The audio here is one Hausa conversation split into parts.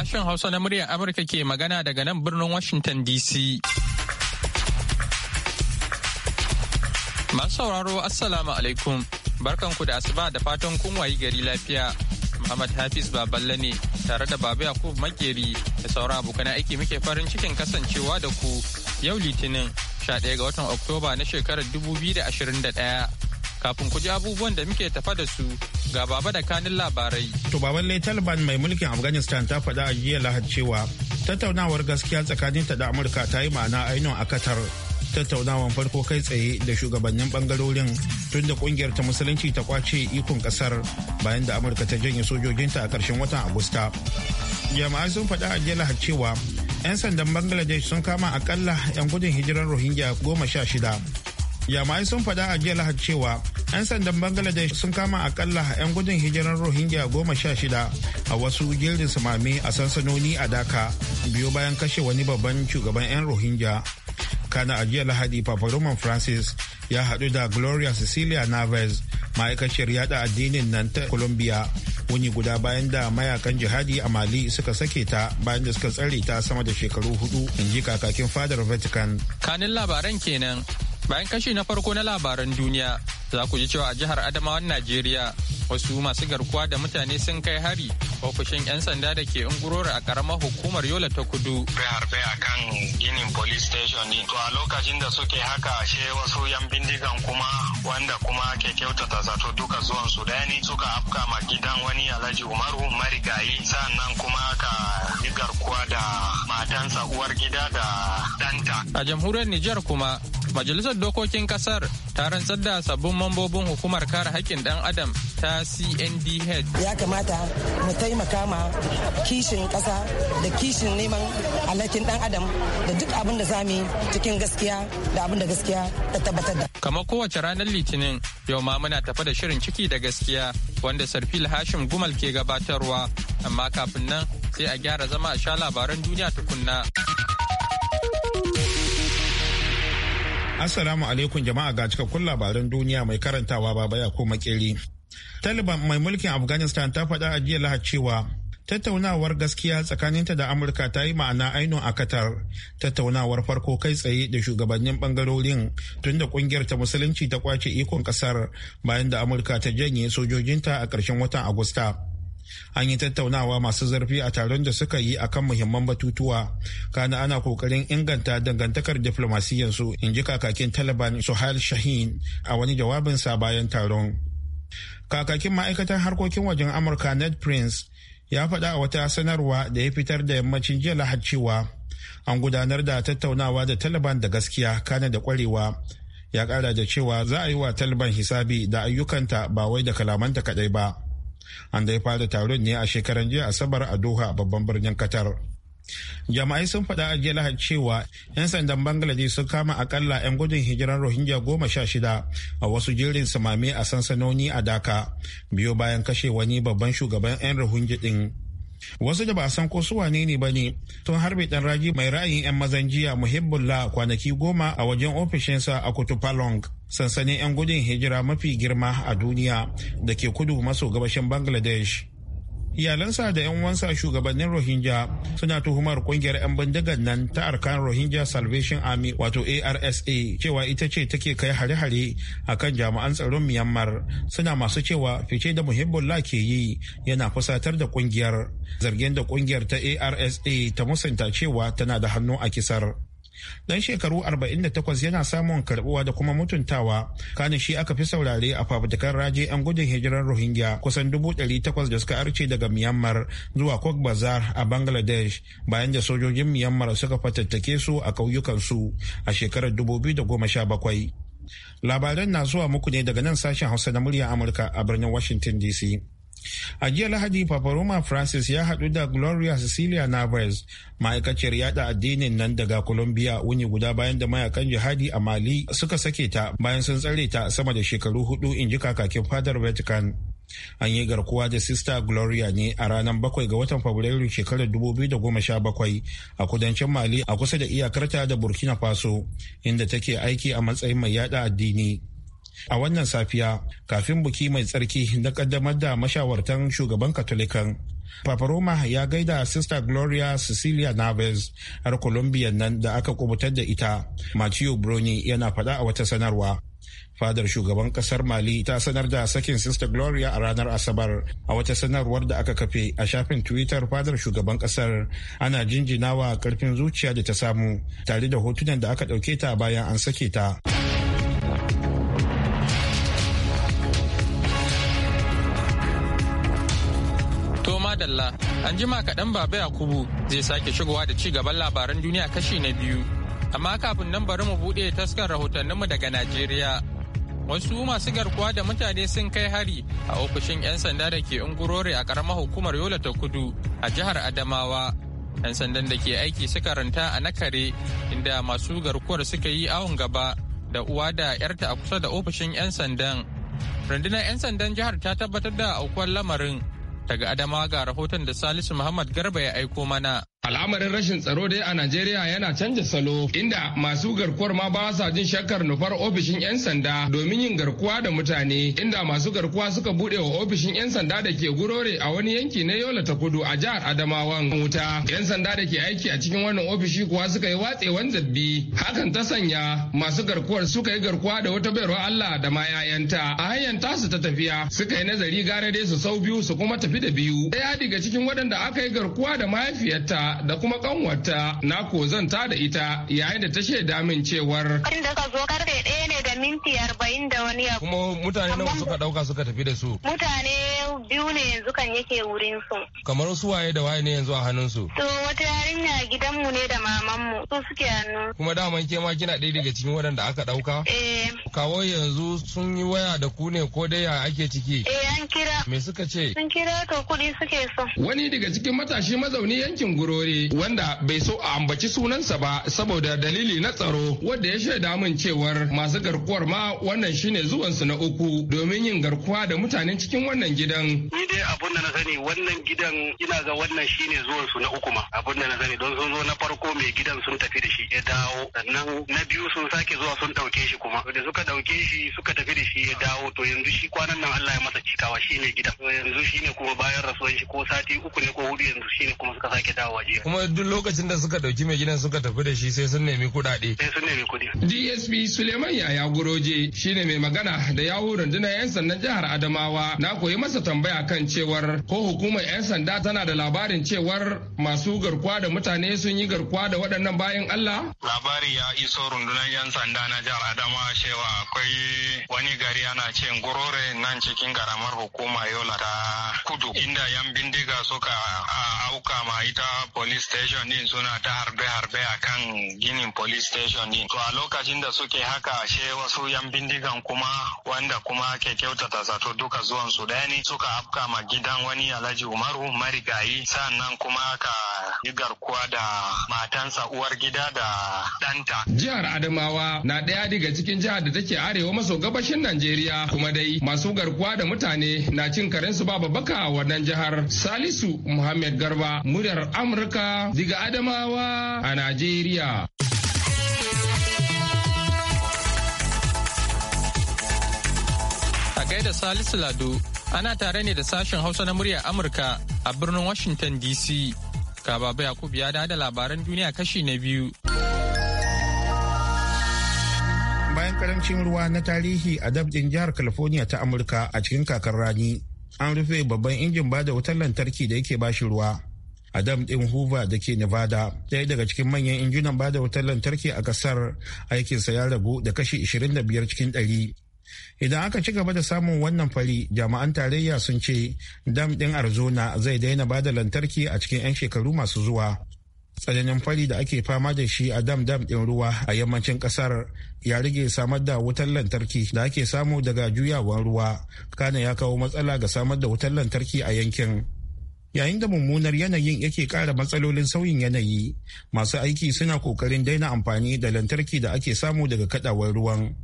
Sashen Hausa na muryar Amurka ke magana daga nan birnin Washington DC. Masu sauraro Assalamu alaikum. Barkanku da asuba da fatan kun gari lafiya. Muhammad Hafiz Baballe ne tare da Baba Yakub Makeri da sauran abokan aiki muke farin cikin kasancewa da ku yau Litinin 11 ga watan Oktoba na shekarar 2021. kafin ku ji abubuwan da muke tafa da su ga baba da kanin labarai. To baban lai Taliban mai mulkin Afghanistan ta faɗa a jiya Lahad cewa tattaunawar gaskiya tsakanin ta da Amurka ta yi ma'ana ainihin a Qatar. Tattaunawar farko kai tsaye da shugabannin bangarorin tun da kungiyar ta musulunci ta kwace ikon kasar bayan da Amurka ta janye sojojinta a ƙarshen watan Agusta. Jama'a sun faɗa a jiya Lahad cewa 'yan sandan Bangladesh sun kama akalla 'yan gudun hijirar Rohingya goma sha shida Jama'ai sun faɗa a jiya lahar cewa 'yan sandan Bangladesh sun kama akalla 'yan gudun hijiran Rohingya goma sha shida a wasu jirgin samami a sansanoni a Dhaka biyo bayan kashe wani babban shugaban 'yan Rohingya. Kana a jiya Lahadi Papa Roman Francis ya haɗu da Gloria Cecilia navez ma'aikaciyar yada addinin nan ta Colombia wuni guda bayan da mayakan jihadi a mali suka sake ta bayan da suka tsare ta sama da shekaru hudu in ji kakakin fadar vatican kanin labaran kenan Bayan kashi na farko na labaran duniya, za ku ji cewa a jihar Adamawan Najeriya wasu masu garkuwa da mutane sun kai hari ofishin 'yan sanda da ke ungurori a karamar hukumar Yola ta kudu. Harbe a kan ginin police station din. To a lokacin da suke haka she wasu 'yan bindigan kuma wanda kuma ke kyautata zato duka zuwan su daya ne suka afka ma gidan wani Alhaji Umaru Marigayi sannan kuma ka garkuwa da matansa uwar gida da danta. A jamhuriyar Nijar kuma Majalisar Dokokin Kasar ta rantsar da sabbin mambobin hukumar kare haƙƙin ɗan adam ta CNDH. Ya kamata mu taimaka ma kishin ƙasa da kishin neman alhakin ɗan adam da duk abin da zami cikin gaskiya da abin da gaskiya ta tabbatar da. Kamar kowace ranar Litinin yau ma muna tafa da shirin ciki da gaskiya wanda Sarfil Hashim Gumal ke gabatarwa amma kafin nan sai a gyara zama a sha labaran duniya tukunna. Assalamu alaikum jama'a ga cikakkun labaran duniya mai karantawa ba baya ko makeri. Taliban mai mulkin Afghanistan ta faɗa a jiya lahad cewa tattaunawar gaskiya tsakaninta da Amurka ta yi ma'ana ainihin a Qatar. Tattaunawar farko kai tsaye da shugabannin bangarorin tun da kungiyar ta musulunci ta kwace ikon kasar bayan da Amurka ta janye sojojinta a ƙarshen watan Agusta. an yi tattaunawa masu zarfi a taron da suka yi akan muhimman batutuwa kana ana kokarin inganta dangantakar diflomasiyyansu in ji kakakin taliban suhail shahin a wani jawabinsa bayan taron kakakin ma'aikatar harkokin wajen amurka ned prince ya faɗa a wata sanarwa da ya fitar da yammacin jiya lahad cewa an gudanar da tattaunawa da taliban da gaskiya kana da kwarewa ya ƙara da cewa za a yi wa taliban hisabi da ayyukanta ba wai da kalamanta kaɗai ba an dai fara taron ne a shekaran jiya asabar a doha babban birnin katar. jama'ai sun faɗa a jiya lahar cewa 'yan sandan bangladesh sun kama akalla 'yan gudun hijiran rohingya goma sha shida a wasu jerin samame a sansanoni a daka biyo bayan kashe wani babban shugaban 'yan rohingya din wasu da ba san ko su wane ne bane sun harbe dan ragi mai ra'ayin yan mazan jiya muhibbullah kwanaki goma a wajen ofishinsa a kutupalong sansanin yan gudun hijira mafi girma a duniya da ke kudu maso gabashin bangladesh iyalansa da 'yan wansa shugabannin rohingya suna tuhumar kungiyar 'yan bindigar nan ta arkan rohingya salvation army wato arsa cewa ita ce take kai hare-hare a kan jami'an tsaron myanmar suna masu cewa fice da muhimmin ke yi yana fusatar da kungiyar zargin da kungiyar ta arsa ta musanta cewa tana da hannu a kisar dan shekaru 48 yana samun karbuwa da kuma mutuntawa kana shi aka fi saurare a fafutukar raje 'yan gudun hijirar rohingya kusan dubu ɗari takwas da suka arce daga myanmar zuwa cox bazar a bangladesh bayan da sojojin myanmar suka fatattake su a ƙauyukansu a shekarar 2017 labaran na zuwa muku ne daga nan sashen hausa na murya amurka a birnin washington dc A jiya Lahadi, Paparoma Francis ya haɗu da Gloria Cecilia Navarez, ma'aikaciyar yada addinin nan daga Colombia wuni guda bayan da mayakan jihadi a Mali suka sake ta bayan sun tsare ta sama da shekaru hudu in ji kakakin fadar Vatican. An yi garkuwa da Sista Gloria ne a ranar bakwai ga watan Fabrairu shekarar 2017 a kudancin Mali a kusa da iyakarta da Burkina Faso, inda take aiki a matsayin mai yada addini. a wannan safiya kafin buki mai tsarki na kaddamar da mashawartan shugaban katolikan Papa Roma ya gaida Sister Gloria Cecilia Naves har Colombia nan da aka kubutar da ita, Matteo Bruni yana faɗa a wata sanarwa. Fadar shugaban kasar Mali ta sanar da sakin Sister Gloria a ranar Asabar a wata sanarwar da aka kafe a shafin Twitter fadar shugaban kasar ana jinjinawa karfin zuciya da ta samu tare da hotunan da aka ɗauke ta bayan an sake ta. Dalla an jima kaɗan baba yakubu zai sake shigowa da ci gaban labaran duniya kashi na biyu amma kafin nan bari mu buɗe taskar rahotanninmu daga najeriya wasu masu garkuwa da mutane sun kai hari a ofishin 'yan sanda da ke ungurore a ƙaramar hukumar yola ta kudu a jihar adamawa 'yan sandan da ke aiki suka ranta a nakare inda masu garkuwar suka yi awon gaba da uwa da 'yarta a kusa da ofishin 'yan sandan rundunar 'yan sandan jihar ta tabbatar da aukuwar lamarin Daga Adamawa ga rahoton da Salisu Muhammad Garba ya aiko mana. Al'amarin rashin tsaro dai a Najeriya yana canja salo inda masu garkuwar ma ba sa jin shakkar nufar ofishin 'yan sanda domin yin garkuwa da mutane inda masu garkuwa suka bude wa ofishin 'yan sanda da ke gurore a wani yanki na Yola ta Kudu a jihar Adamawan wuta. 'Yan sanda da ke aiki a cikin wannan ofishi kuwa suka yi watsewan zabbi hakan ta sanya masu garkuwar suka yi garkuwa da wata bayarwa Allah da ma 'ya'yanta a hanyar tasu ta tafiya suka yi nazari gare dai su sau biyu su kuma tafi da biyu. Ɗaya daga cikin waɗanda aka yi garkuwa da mahaifiyarta da kuma kanwarta na ko zan ta da ita yayin da ta shaida min cewar inda ka zo karfe ɗaya ne da minti arba'in da wani abu kuma mutane nawa suka dauka suka tafi da su mutane biyu ne yanzu kan yake wurin su kamar su waye da waye ne yanzu a hannun su to wata yarinya gidanmu ne da maman mu. su suke hannu kuma daman ke ma kina ɗaya daga cikin waɗanda aka dauka eh kawo yanzu sun yi waya da ku ne ko dai ya ake ciki eh an kira me suka ce sun kira to kuɗi suke so wani daga cikin matashi mazauni yankin guro Ilori wanda bai so a ambaci sunansa ba saboda dalili na tsaro wanda ya shaida min cewar masu garkuwar ma wannan shine zuwansu na uku domin yin garkuwa da mutanen cikin wannan gidan. Ni dai abun da na sani wannan gidan ina ga wannan shine zuwansu na uku ma abun da na sani don sun zo na farko mai gidan sun tafi da shi ya dawo sannan na biyu sun sake zuwa sun ɗauke shi kuma da suka ɗauke shi suka tafi da shi ya dawo to yanzu shi kwanan nan Allah ya masa cikawa shine gidan yanzu shine kuma bayan rasuwan shi ko sati uku ne ko hudu yanzu shine kuma suka sake dawowa Kuma duk lokacin da suka dauki mai gidan suka tafi da shi sai sun nemi kuɗaɗe. Sai sun nemi kudi. DSP Suleiman Yaya Guroje shine mai magana da yawo rundunar 'yan sandan jihar Adamawa na koyi masa tambaya kan cewar ko hukumar 'yan sanda tana da labarin cewar masu garkuwa da mutane sun yi garkuwa da waɗannan bayan Allah? Labari ya iso rundunar 'yan sanda na jihar Adamawa cewa akwai wani gari ana ce Gurore nan cikin karamar hukuma Yola ta kudu inda 'yan bindiga suka auka ma ita police station din suna ta harbe-harbe a kan ginin police station din. To a lokacin da suke haka ashe wasu yan bindigan kuma wanda kuma ke kyautata zato duka zuwan su daya ne suka afka ma gidan wani alhaji Umaru marigayi sannan kuma aka yi garkuwa da matansa uwar gida da danta. Jihar Adamawa na ɗaya daga cikin jihar da take arewa maso gabashin Najeriya kuma dai masu garkuwa da mutane na cin karensu Baba Baka a wannan jihar. Salisu Muhammad Garba muryar Amurka Amurka diga Adamawa a Najeriya. A gaida Salisu Lado, ana tare ne da sashen Hausa na muryar Amurka a birnin Washington DC. Kababa Yakubu ya da labaran duniya kashi na biyu. bayan karancin ruwa na tarihi a dabdin jihar california ta amurka a cikin kakar rani an rufe babban injin bada wutar lantarki da yake bashi ruwa a dam ɗin hoover da ke nevada ɗaya daga cikin manyan injunan ba da wutar lantarki a ƙasar aikinsa ya ragu da kashi 25 cikin 100 idan aka ci gaba da samun wannan fari jami'an tarayya sun ce dam ɗin arizona zai daina ba da lantarki a cikin 'yan shekaru masu zuwa tsananin fari da ake fama da shi a dam dam ɗin ruwa a yammacin ƙasar ya rage samar da wutar lantarki da ake samu daga juyawan ruwa kana ya kawo matsala ga samar da wutar lantarki a yankin yayin da mummunar yanayin yake ƙara matsalolin sauyin yanayi masu aiki suna ƙoƙarin daina amfani da lantarki da ake samu daga kadawar ruwan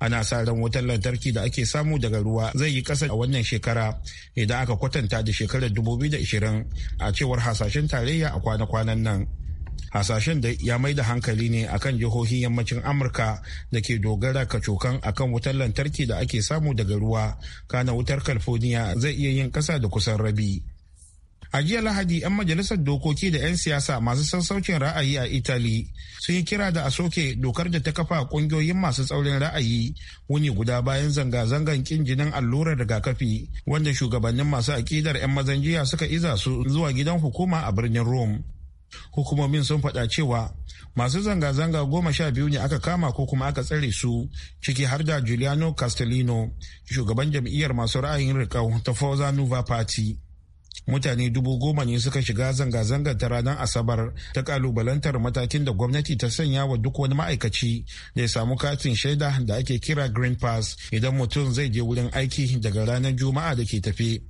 ana sa ran wutar lantarki da ake samu daga ruwa zai yi ƙasa a wannan shekara idan aka kwatanta da shekarar 2020 a cewar hasashen tarayya a kwana-kwanan nan hasashen da ya mai da hankali ne akan jihohin yammacin amurka da ke dogara ka kacokan akan wutar lantarki da ake samu daga ruwa kana wutar california zai iya yin ƙasa da kusan rabi A jiya Lahadi 'yan majalisar dokoki da 'yan siyasa masu sassaucin ra'ayi a Italy sun yi kira da a soke dokar da ta kafa kungiyoyin masu tsaurin ra'ayi wuni guda bayan zanga-zangan kin jinin allurar rigakafi wanda shugabannin masu aƙidar 'yan mazan jiya suka iza su zuwa gidan hukuma a birnin Rome. Hukumomin sun faɗa cewa masu zanga-zanga goma sha biyu ne aka kama ko kuma aka tsare su ciki har da Giuliano Castellino, shugaban jam'iyyar masu ra'ayin rikau ta Forza Nuva Party. mutane dubu goma ne suka shiga zanga-zangar ta ranar asabar ta kalubalantar matakin da gwamnati ta sanya wa duk wani ma'aikaci da ya samu katin shaida da ake kira green pass idan mutum zai je wurin aiki daga ranar juma'a da ke tafe.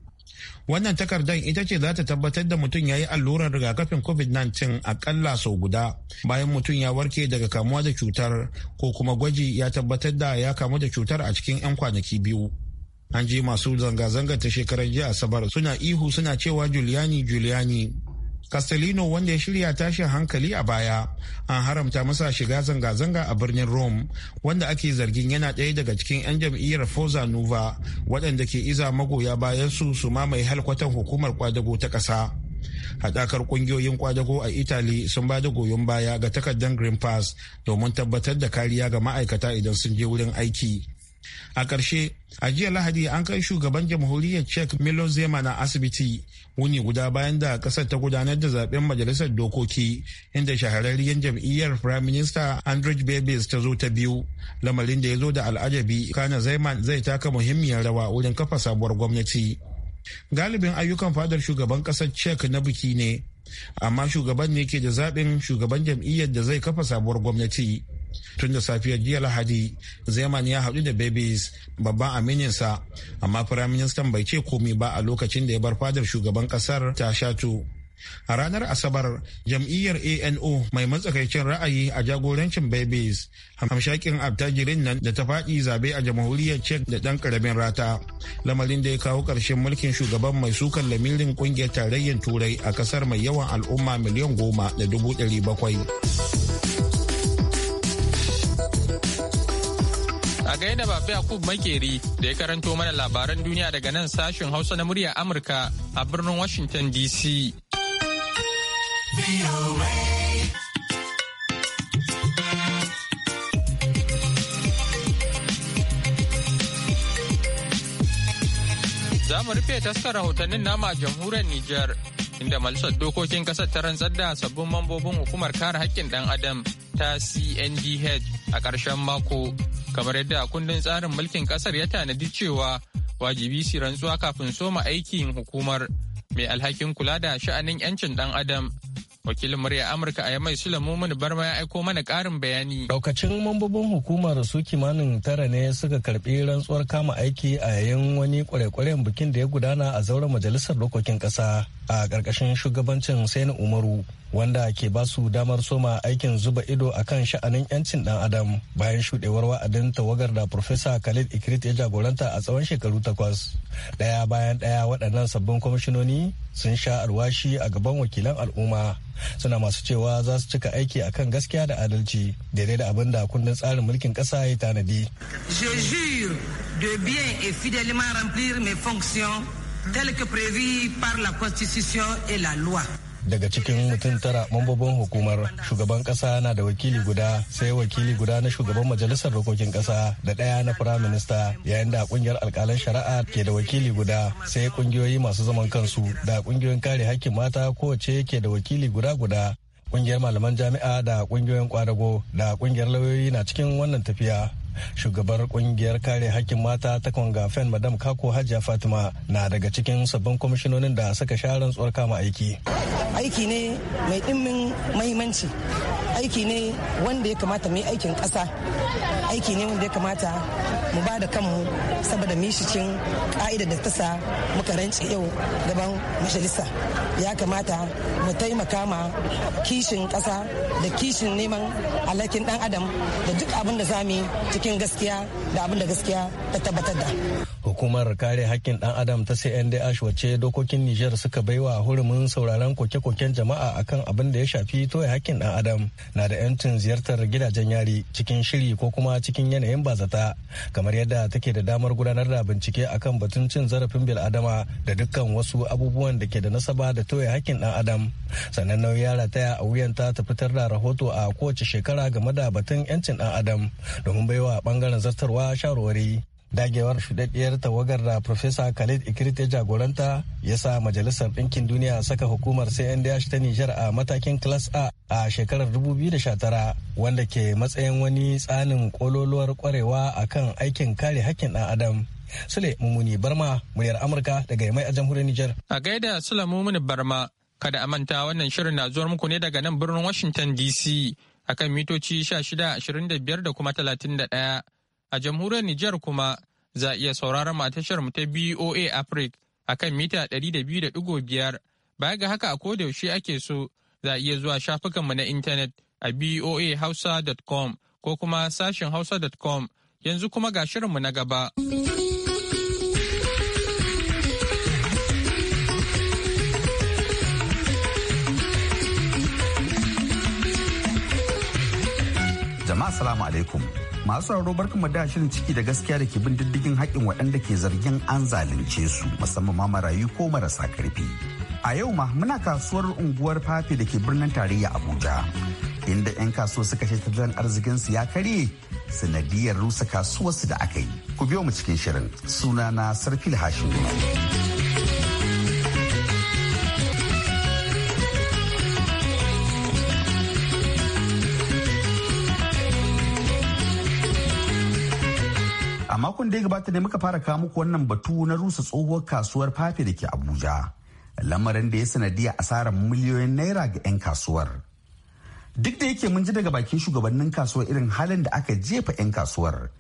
wannan takardar ita ce za ta tabbatar da mutum ya yi allurar rigakafin covid-19 akalla sau guda bayan mutum ya warke daga kamuwa da cutar ko kuma gwaji ya tabbatar da ya kamu da cutar a cikin 'yan kwanaki biyu an ji masu zanga zanga ta shekarar jiya asabar suna ihu suna cewa juliani juliani castellino wanda ya shirya tashin hankali a baya an haramta masa shiga zanga-zanga a birnin rome wanda ake zargin yana ɗaya daga cikin 'yan jam'iyyar forza nuva waɗanda ke iza magoya bayan su su mamaye halkwatan hukumar kwadago ta ƙasa haɗakar ƙungiyoyin kwadago a italy sun ba da goyon baya ga takardar green pass domin tabbatar da kariya ga ma'aikata idan sun je wurin aiki a ƙarshe a jiya lahadi an kai shugaban jamhuriyar cek milo zema na asibiti wuni guda bayan da ƙasar ta gudanar da zaben majalisar dokoki inda shahararriyar jam'iyyar prime minister andrej babis ta zo ta biyu lamarin da ya zo da al'ajabi kana zeman zai taka muhimmiyar rawa wurin kafa sabuwar gwamnati galibin ayyukan fadar shugaban ƙasar czech na biki ne amma shugaban ne ke da zaɓin shugaban jam'iyyar da zai kafa sabuwar gwamnati tun da safiyar jiya lahadi zeman ya haɗu da babies babban amininsa amma firaministan bai ce komi ba a lokacin da ya bar fadar shugaban ƙasar ta shatu a ranar asabar jam'iyyar ano mai matsakaicin ra'ayi a jagorancin babies hamshakin abtajirin nan da ta faɗi zabe a jamhuriyar czech da ɗan ƙaramin rata lamarin da ya kawo ƙarshen mulkin shugaban mai sukan lamirin ƙungiyar tarayyar turai a ƙasar mai yawan al'umma miliyan goma da dubu ɗari bakwai gaida Baba Yakub Makeri da ya karanto mana labaran duniya daga nan sashen Hausa na murya Amurka a birnin Washington DC. Za mu rufe taskar rahotannin nama a jamhuriyar Nijar. inda majalisar dokokin kasar ta rantsar da sabbin mambobin hukumar kare haƙƙin ɗan adam ta cndh a ƙarshen mako kamar yadda kundin tsarin mulkin kasar ya tanadi cewa wajibi su rantsuwa kafin soma aikin hukumar mai alhakin kula da sha'anin 'yancin dan adam wakilin murya amurka a yamai sulamu mini barma ya aiko mana karin bayani daukacin mambobin hukumar su kimanin tara ne suka karbi rantsuwar kama aiki a yayin wani kwarekwaren bikin da ya gudana a zauren majalisar dokokin kasa a karkashin shugabancin saini umaru wanda ke ba su damar soma aikin zuba ido a kan sha'anin 'yancin dan adam bayan shuɗewar wa'adin tawagar da Profesa Khalid Ikrit ya jagoranta a tsawon shekaru takwas. Ɗaya bayan ɗaya waɗannan sabbin kwamishinoni sun sha alwashi a gaban wakilan al'umma suna masu cewa za su cika aiki a kan gaskiya da adalci daidai da abin da kundin tsarin mulkin ƙasa ya tanadi. Je jure de bien et fidèlement remplir mes fonctions telles que prévues par la Constitution et la loi. daga cikin mutum tara mambobin hukumar shugaban kasa na da wakili guda sai wakili guda na shugaban majalisar dokokin kasa da ɗaya na firaminista yayin da kungiyar alkalan shari'a ke da wakili guda sai kungiyoyi masu zaman kansu da kungiyoyin kare hakkin mata kowace ke da wakili guda guda kungiyar malaman jami'a da kungiyoyin kwadago da kungiyar lauyoyi na cikin wannan tafiya shugabar kungiyar kare hakkin mata ta kwangafen madam kako hajiya fatima na daga cikin sabbin kwamishinonin da suka sha rantsuwar kama aiki aiki ne mai dimmin mahimmanci aiki ne wanda ya kamata mu yi aikin ƙasa aiki ne wanda ya kamata mu ba da kanmu saboda mishicin shi da tasa muka rance yau gaban majalisa ya kamata mu taimaka ma kishin kasa da kishin neman alakin dan adam da duk abin da zami cikin gaskiya da abin da gaskiya ta tabbatar da hukumar kare hakkin ɗan adam ta sai cndh wacce dokokin niger suka baiwa hurumin sauraron koke-koken jama'a akan abin da ya shafi toya hakkin ɗan adam na da 'yancin ziyartar gidajen yari cikin shiri ko kuma cikin yanayin bazata kamar yadda take da damar gudanar da bincike akan batun cin zarafin bil'adama da dukkan wasu abubuwan da ke da nasaba da toye hakkin dan adam sannan nau ya rataya a wuyanta ta fitar da rahoto a kowace shekara game da batun 'yancin dan adam domin baiwa bangaren zartarwa shawarwari dagewar shudaddiyar tawagar da Profesa Khalid Ikrit ya jagoranta ya sa Majalisar Ɗinkin Duniya saka hukumar CNDH ta Nijar a matakin Class A a shekarar 2019 wanda ke matsayin wani tsanin kololuwar kwarewa a kan aikin kare hakkin ɗan Adam. Sule Mumuni Barma, muryar Amurka daga Yamai a jamhuriyar Nijar. A gaida Sule Mumuni Barma, kada a manta wannan shirin na zuwar muku ne daga nan birnin Washington DC akan mitoci 16, 25 da kuma 31. a jamhuriyar Nijar kuma za a iya sauraron matashar mu ta BOA Africa a kan mita 200.5 baya ga haka a kodayaushe ake so za a iya zuwa shafukanmu na intanet a boahausa.com ko kuma sashin hausa.com yanzu kuma ga shirinmu na gaba. Jama'a salamu alaikum. masu sauraro barkan mu da shirin ciki da gaskiya da ke bin diddigin haƙƙin waɗanda ke zargin an zalunce su musamman ma marayu ko marasa karfi a yau ma muna kasuwar unguwar fafe da ke birnin tarayya abuja inda 'yan kasuwa suka ce tattalin su ya karye sanadiyar rusa kasuwarsu da aka yi ku biyo mu cikin shirin sunana sarfil Hashim. makon da ya gabata ne muka fara kawo muku wannan batu na rusa tsohuwar kasuwar fafe da ke Abuja. Lamarin da ya sanadiya asarar miliyoyin naira ga 'yan kasuwar. Duk da yake mun ji daga bakin shugabannin kasuwar irin halin da aka jefa 'yan kasuwar.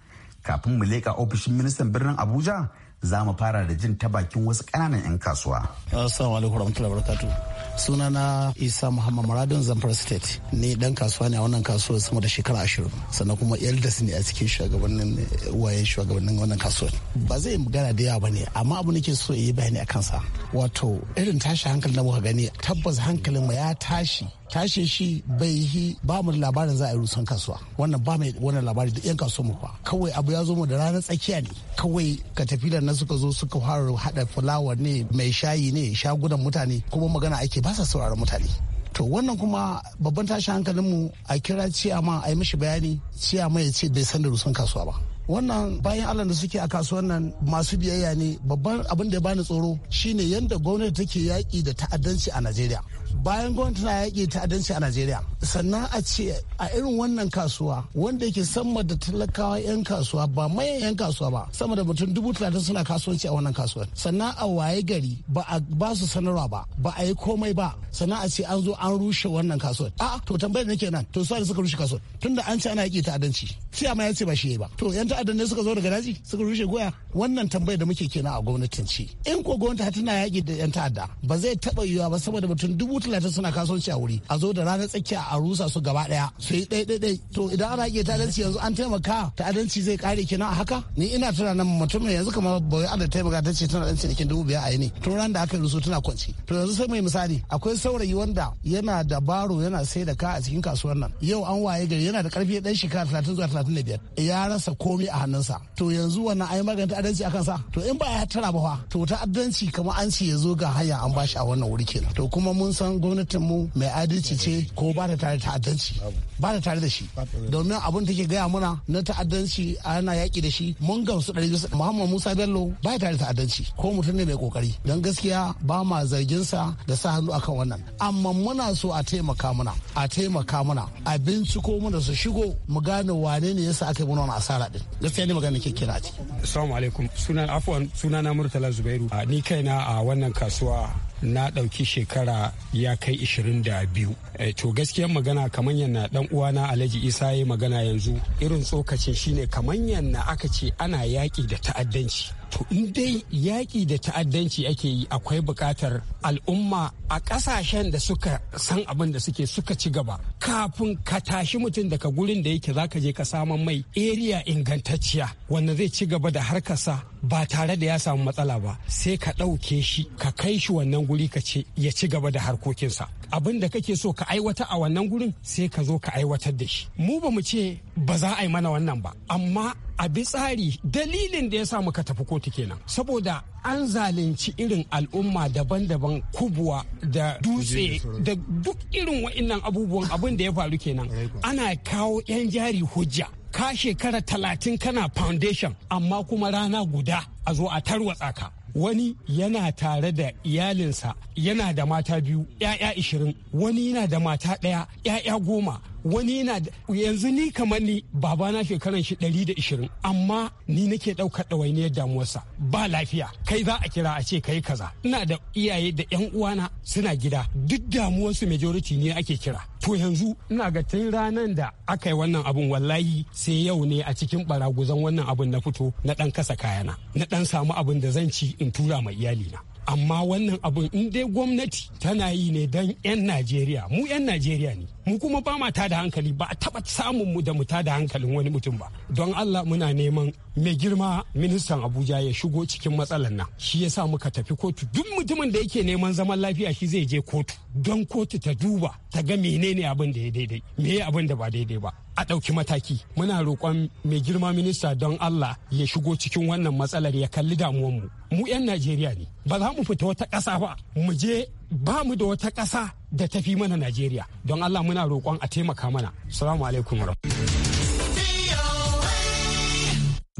Kafin mu leƙa ofishin ministan birnin Abuja za mu fara da jin ta bakin wasu kananan 'yan kasuwa. Assalamu alaikum warahmatullahi wabarakatuh. sunana isa muhammad maradon zamfara state ni dan kasuwa ne a wannan kasuwar sama da shekara ashirin sannan kuma su ne a cikin shugabannin waye shugabannin wannan kasuwar ba zai magana da yawa ne amma abu nake so yi bayani a kansa wato irin tashi hankalin da muka gani tabbas hankalin mu ya tashi tashin shi bai yi ba mu labarin za a yi rusan kasuwa wannan ba mai wannan labari da yan kasuwa mu fa kawai abu ya zo mu da ranar tsakiya ne kawai ka tafi da sannan suka zo suka fara hada fulawa ne mai shayi ne shagunan mutane kuma magana ake ba sa sauraron mutane to wannan kuma babban tashin hankalinmu a kira ciyama a yi mishi bayani ciyama ya ce bai san da rusun kasuwa ba wannan bayan allah da suke a kasuwan nan masu biyayya ne babban abin da ya bani tsoro shine yadda gwamnati take yaƙi da ta'addanci a najeriya bayan gwamnati na yaƙi ta'addanci a Najeriya sannan a ce a irin wannan kasuwa wanda yake sama da talakawa 'yan kasuwa ba mayan 'yan kasuwa ba sama da mutum dubu talatin suna kasuwanci a wannan kasuwar sannan a waye gari ba a ba su sanarwa ba ba a yi komai ba sannan a ce an zo an rushe wannan kasuwar a to tambayar nake nan to su da suka rushe kasuwar tunda an ce ana yaƙi ta'addanci sai ma ya ce ba shi ba to 'yan ta'addan ne suka zo daga daji suka rushe goya wannan tambayar da muke kenan a gwamnatin ci in ko gwamnati tana yaƙi da 'yan ta'adda ba zai taɓa yiwuwa ba saboda mutum dubu talatin suna kasuwanci a wuri a zo da ranar tsakiya a rusa su gaba daya su yi ɗai ɗai to idan ana iya ta'adanci yanzu an taimaka ta'adanci zai kare kina a haka ni ina tunanin mutum yanzu kamar bai ana taimaka ta ce tana ɗan cinikin dubu biyar a yini tun ran da aka rusu tana kwance to yanzu sai mai misali akwai saurayi wanda yana da baro yana sai da ka a cikin kasuwar nan yau an waye gari yana da karfi ɗan shekara talatin zuwa talatin da biyar ya rasa komai a hannunsa to yanzu wannan ai magana ta'adanci akan sa to in ba ya tara ba to ta'addanci kamar an ce ya zo ga hanya an bashi a wannan wuri kenan to kuma mun san gwamnatin mu mai adalci ce ko ba ta tare ta'addanci ba ta tare da shi domin abin da gaya mana na ta'addanci ana yaki da shi mun gamsu ɗari bisa muhammad musa bello ba ta tare ta'addanci ko mutum ne mai kokari don gaskiya ba ma zargin sa da sa hannu akan wannan amma muna so a taimaka muna a taimaka mana a binciko muna su shigo mu gane wane ne yasa aka yi mana asara din gaskiya ne magana ke kira ci assalamu alaikum sunan afwan sunana murtala zubairu ni kaina a wannan kasuwa na ɗauki shekara ya kai 22 eh, to gaskiyar magana kamar yana dan uwana alhaji isa ya magana yanzu irin tsokacin shine kamar yana aka ce ana yaƙi da ta'addanci to in dai yaƙi da ta'addanci ake yi akwai buƙatar al'umma a ƙasashen da suka san abin da suke suka ci gaba kafin ka tashi mutum daga gurin da yake za ka je ka saman mai area ingantacciya wanda zai ci gaba da harkarsa ba tare da ya samu matsala ba sai ka ɗauke shi ka kai shi wannan guri ka ce ya ci gaba da harkokinsa abin da kake so ka aiwata a wannan gurin sai ka zo ka aiwatar da shi mu ba mu ce ba za a yi mana wannan ba amma a bi tsari dalilin da ya sa muka tafi kotu kenan saboda an zalunci irin al'umma daban-daban kubuwa da dutse da duk irin wa'innan abubuwan abin da ya faru kenan ana kawo 'yan jari hujja ka shekara talatin kana foundation amma kuma rana guda a zo a tarwatsa ka wani yana tare da iyalinsa yana da mata biyu 'ya'ya ishirin wani yana da mata ɗaya 'ya'ya goma wani na yanzu ni kamar ni babana shekaran shi ɗari da ishirin amma ni nake ɗaukar ɗawainiyar damuwarsa ba lafiya kai za a kira a ce kai kaza ina da iyaye da yan uwana suna gida duk damuwarsu majority ne ake kira to yanzu ina ga tun ranar da aka yi wannan abun wallahi sai yau ne a cikin baraguzan wannan abun na fito na ɗan kasa kayana na ɗan samu abun da zan ci in tura ma iyali na. amma wannan abun in dai gwamnati tana yi ne don 'yan najeriya mu 'yan najeriya ne mu kuma ba ma tada hankali ba a taba samun mu da mu tada hankalin wani mutum ba don allah muna neman mai girma ministan abuja ya shigo cikin matsalar nan shi yasa muka tafi kotu duk mutumin da yake neman zaman lafiya shi zai je kotu don kotu ta duba ta ga menene abin da ya daidai me ya abin da ba daidai ba a ɗauki mataki muna roƙon mai girma minista don Allah ya shigo cikin wannan matsalar ya kalli damuwar mu Mu 'yan Najeriya ne ba za mu fita wata ƙasa ba mu je ba mu da wata ƙasa da tafi mana Najeriya don Allah muna roƙon a taimaka mana salamu alaikum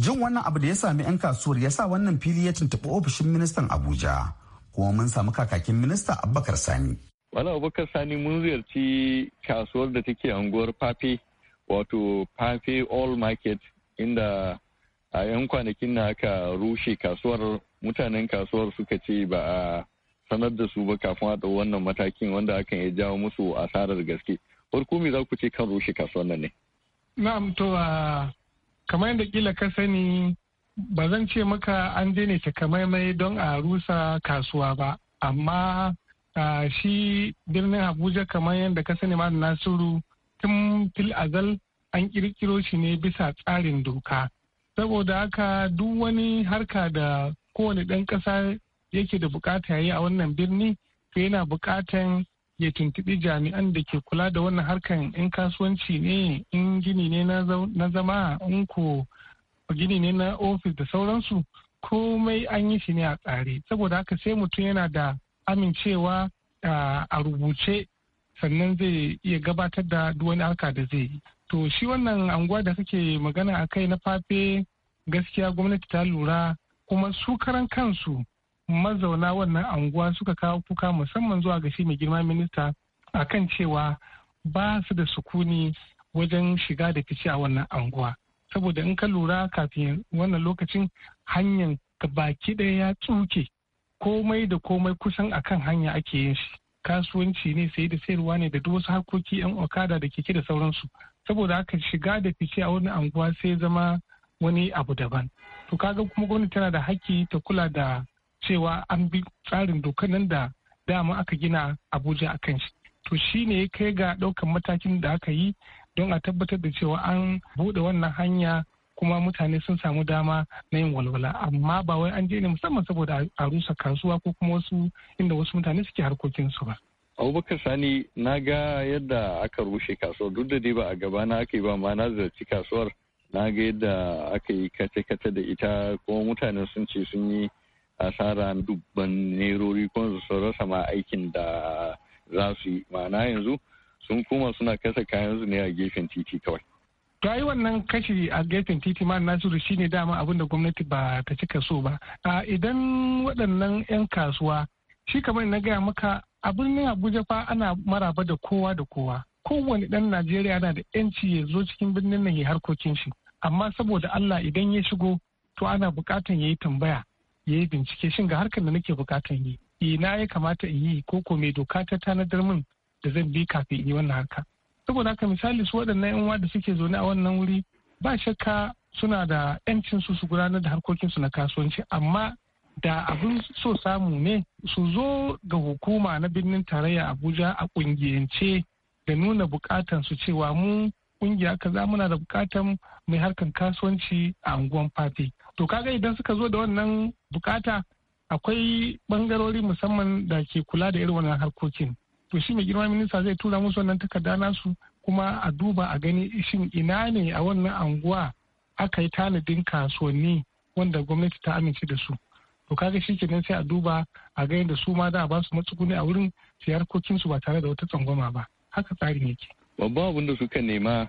jin wannan abu da ya sami 'yan kasuwar ya sa wannan fili ya tuntuɓi ofishin ministan Abuja kuma mun samu kakakin minista Abubakar Sani Wala Abubakar Sani mun ziyarci kasuwar da take unguwar Fafe wato Fafe All Market inda a 'yan kwanakin na aka rushe kasuwar mutanen kasuwar suka ce ba a sanar da su ba kafin a ɗau wannan matakin wanda hakan ya jawo musu asarar gaske. Farko me za ku ce kan rushe kasuwar nan ne? Na'am to kamar yadda kila ka sani ba zan ce maka an je ne takamaimai don a rusa kasuwa ba amma shi birnin abuja kamar yadda ka sani malam nasiru tun fil azal an kirkiro shi ne bisa tsarin doka saboda haka duk wani harka da kowane ɗan ƙasa yake da bukata yi a wannan birni to yana bukatan ya tuntuɓi jami'an da ke kula da wannan harkan in kasuwanci ne in gini ne na zama in ko gini ne na ofis da sauransu komai an yi shi ne a tsare saboda haka sai mutum yana da amincewa a rubuce sannan zai iya gabatar da wani harka da zai yi to shi wannan anguwa da kake magana a kai na fafe gaskiya gwamnati ta lura kuma su karan kansu mazauna wannan anguwa suka kawo kuka musamman zuwa ga shi mai girma minista a kan cewa ba su da sukuni wajen shiga da fice a wannan anguwa saboda in ka lura kafin wannan lokacin hanyar baki ɗaya ya tsuke komai da komai kusan akan hanya ake yin shi kasuwanci ne sai da sayarwa ne da duk wasu harkoki yan okada da keke da sauransu saboda haka shiga da fice a wani anguwa sai zama wani abu daban to kaga kuma gwamnati tana da haƙƙi ta kula da cewa an bi tsarin dokar nan da dama aka gina abuja a kan shi to shi ne ya kai ga ɗaukan matakin da aka yi don a tabbatar da cewa an buɗe wannan hanya kuma mutane sun samu dama na yin walwala amma ba wai an je ne musamman saboda a rusa kasuwa ko kuma wasu inda wasu mutane suke harkokinsu ba. abubakar sani na ga yadda aka rushe kasuwar duk da dai ba a gaba na aka yi ba ma na zarci kasuwar na ga yadda aka yi kace-kace da ita kuma mutane sun ce sun yi asara dubban nerori ko su rasa ma aikin da za su yi ma'ana yanzu sun kuma suna kasa kayan su ne a gefen titi kawai to yi wannan kashi a gefen titi ma nasiru shine dama abin da gwamnati ba ta cika so ba a idan waɗannan 'yan kasuwa shi kamar na gaya maka abin ne abuja fa ana maraba da kowa da kowa kowane ɗan najeriya na da 'yanci ya zo cikin birnin nan ya harkokin shi amma saboda allah idan ya shigo to ana buƙatan ya yi tambaya ya yi bincike shin ga harkar da nake buƙatan yi ina eh, ya kamata in yi ko ko mai doka ta tanadar min da zan bi kafin in yi wannan harka saboda haka misali su waɗannan yan uwa da suke zaune a wannan wuri ba shakka suna da yancin su su gudanar da harkokinsu na kasuwanci amma da abin so samu ne su zo ga hukuma na birnin tarayya abuja a ƙungiyance da nuna bukatan su cewa mu kungiya kaza muna da bukatan mai harkan kasuwanci a unguwan fati to kaga idan suka zo da wannan bukata akwai bangarori musamman da ke kula da irin wannan harkokin to shi mai girma minista zai tura musu wannan takarda nasu kuma a duba a gani shin ina ne a wannan anguwa aka yi tanadin kasuwanni wanda gwamnati ta amince da su to kaga shi kenan sai a duba a ga da su ma za a ba su matsuguni a wurin su harkokin su ba tare da wata tsangwama ba haka tsarin yake babban abin da suka nema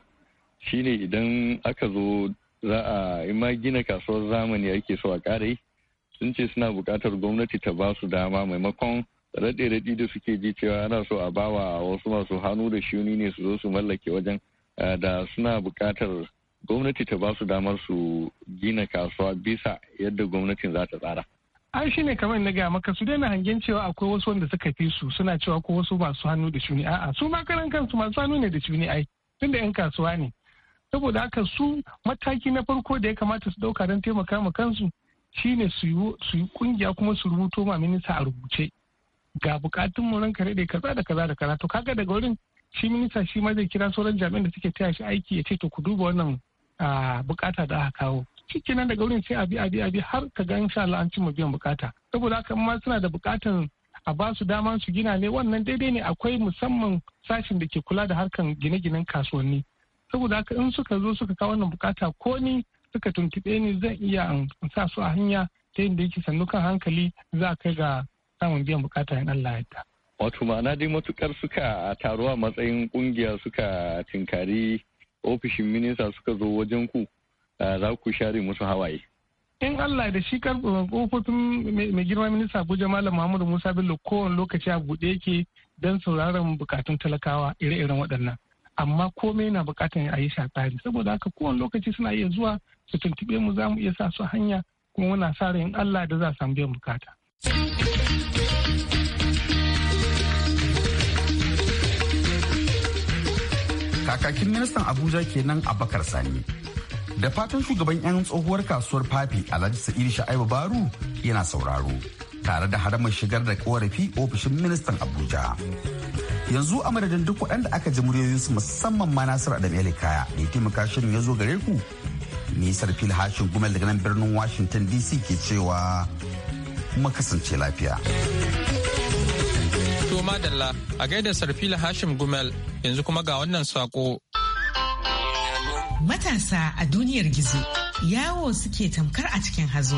shine idan aka zo za a yi ma gina kasuwar zamani ake so a kare sun ce suna bukatar gwamnati ta ba su dama maimakon raɗe-raɗi da suke ji cewa ana so a bawa wasu masu hannu da shuni ne su zo su mallake wajen eh, da suna buƙatar gwamnati ta ba su damar su gina kasuwa bisa yadda gwamnatin za ta tsara. An shi ne kamar na ga maka su daina hangen cewa akwai wasu wanda suka fi su suna cewa ko wasu masu hannu da shuni a'a su ma karan kansu masu hannu ne da shuni ai tunda yan kasuwa ne. Saboda haka su mataki na farko da ya kamata su dauka don taimaka ma kansu shine su yi kungiya kuma su rubuto ma minista a rubuce. ga bukatun mu ranka daɗe kaza da kaza da kaza to kaga daga wurin shi minista shi ma zai kira sauran jami'an da suke taya shi aiki ya ce to ku duba wannan bukata da aka kawo nan daga wurin sai abi abi abi har ka ga insha Allah an cimma biyan bukata saboda haka ma suna da bukatan a ba su dama su gina ne wannan daidai ne akwai musamman sashin da ke kula da harkan gine-ginen kasuwanni saboda haka in suka zo suka kawo wannan bukata ko ni suka tuntuɓe ni zan iya in sa su a hanya ta yadda yake sannu kan hankali za a kai ga samun biyan bukata in Allah yadda. Wato ma'ana dai matukar suka taro a matsayin kungiya suka tinkari ofishin minista suka zo wajen ku za ku share musu hawaye. In Allah da shi kofofin mai girma minista Abuja Malam Muhammadu Musa Bello kowane lokaci a buɗe yake don sauraron bukatun talakawa ire-iren waɗannan. amma komai na bukatar a yi tsari saboda haka kowane lokaci suna iya zuwa su tuntuɓe mu za mu iya sa su hanya kuma muna sa in Allah da za a samu biyan bukata. Kakakin ministan Abuja kenan Abakar Sani. Da fatan shugaban 'yan tsohuwar kasuwar fafi Alhaji Sa'idu Sha'ibu Baru yana sauraro. Tare da haramar shigar da korafi ofishin ministan Abuja. Yanzu a madadin duk waɗanda aka ji muryoyinsu musamman ma Nasiru Adam Kaya da ya taimaka shirin ya zo gare ku. Nisar fil hashin gumel daga nan birnin Washington DC ke cewa kuma kasance lafiya. To Madalla a gaida Sarfila Hashim Gumel Yanzu kuma ga wannan sako. Matasa a duniyar gizo yawo suke tamkar a cikin hazo.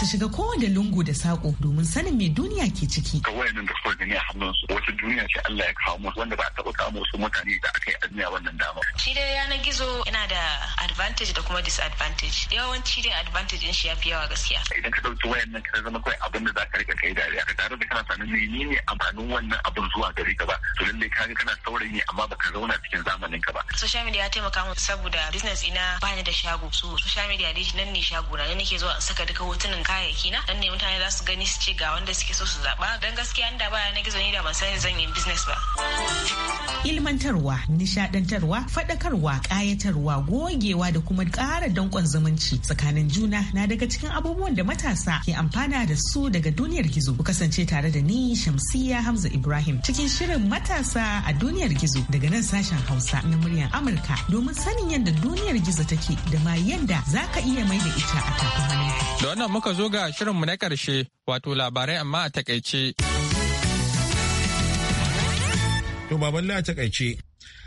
su shiga kowane lungu da sako domin sanin me duniya ke ciki. Ga wayannan da kuka gani a hannunsu Wasu duniya ce Allah ya kawo musu wanda ba a taɓa kawo musu mutane da aka yi azmiya wannan dama. Shi dai yanar gizo yana da advantage da kuma disadvantage. Yawanci dai advantage in shi ya fi yawa gaskiya. Idan ka ɗauki wayannan ka zama kawai abin da za ka riƙa kai dariya ka tare da kana sanin ne amfanin wannan abin zuwa gari ka ba. To lallai ka ga kana saurayi amma baka zauna cikin zamanin ka ba. Social media ya taimaka mu saboda business ina bani da shago. So social media dai nan ne shago na nake zuwa in saka duka hotunan kayayyaki na dan ne mutane za su gani su ce ga wanda suke so su zaba dan gaskiya inda ba na gizo ni da ban sani zan yi business ba ilmantarwa nishadantarwa fadakarwa kayatarwa gogewa da kuma ƙara dankon zumunci tsakanin juna na daga cikin abubuwan da matasa ke amfana da su daga duniyar gizo ku kasance tare da ni shamsiya hamza ibrahim cikin shirin matasa a duniyar gizo daga nan sashen hausa na muryar amurka domin sanin yadda duniyar gizo take da ma yadda za ka iya mai da ita a takumanin da wannan muka zo zo ga shirinmu na ƙarshe wato labarai amma a takaice. To baballe a takaice.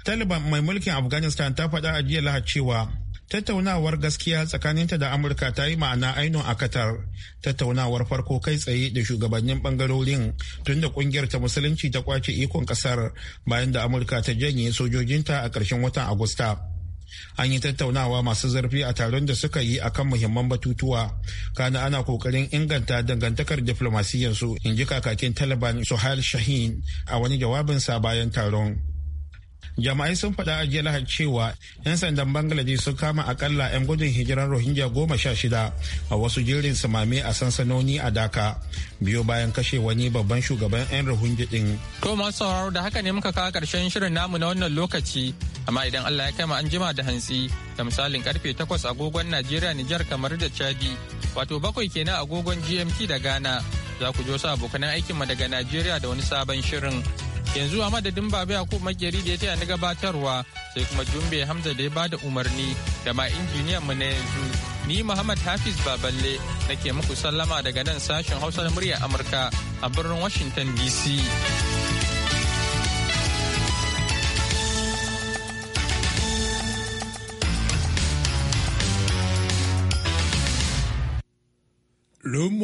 Taliban mai mulkin Afghanistan ta faɗa a jiya lahad cewa tattaunawar gaskiya tsakaninta da Amurka ta yi ma'ana ainihin a Qatar. Tattaunawar farko kai tsaye da shugabannin bangarorin tun da kungiyar ta musulunci ta kwace ikon kasar bayan da Amurka ta janye sojojinta a ƙarshen watan Agusta. an yi tattaunawa masu zarfi a taron da suka yi akan muhimman batutuwa kana ana kokarin inganta dangantakar diflomasiyyarsu in ji kakakin taliban suhail shahin a wani jawabinsa bayan taron jama'ai sun fada a jiya cewa 'yan sandan bangladesh sun kama akalla 'yan gudun hijiran rohingya goma sha shida a wasu jirin samame a sansanoni a daka biyo bayan kashe wani babban shugaban 'yan rohingya din to masu sauraro da haka ne muka kawo karshen shirin namu na wannan lokaci amma idan allah ya kama an jima da hantsi da misalin karfe 8 agogon najeriya nijar kamar da chadi wato bakwai kenan agogon gmt da ghana za ku jo wasu abokanan aikinmu daga najeriya da wani sabon shirin yanzu a madadin babu yakub makeri da ya taya na gabatarwa sai kuma jumbe hamza da ya ba da umarni da ma injiniyan mu na yanzu ni muhammad hafiz baballe nake muku sallama daga nan sashen hausa na muryar amurka a birnin washington dc Le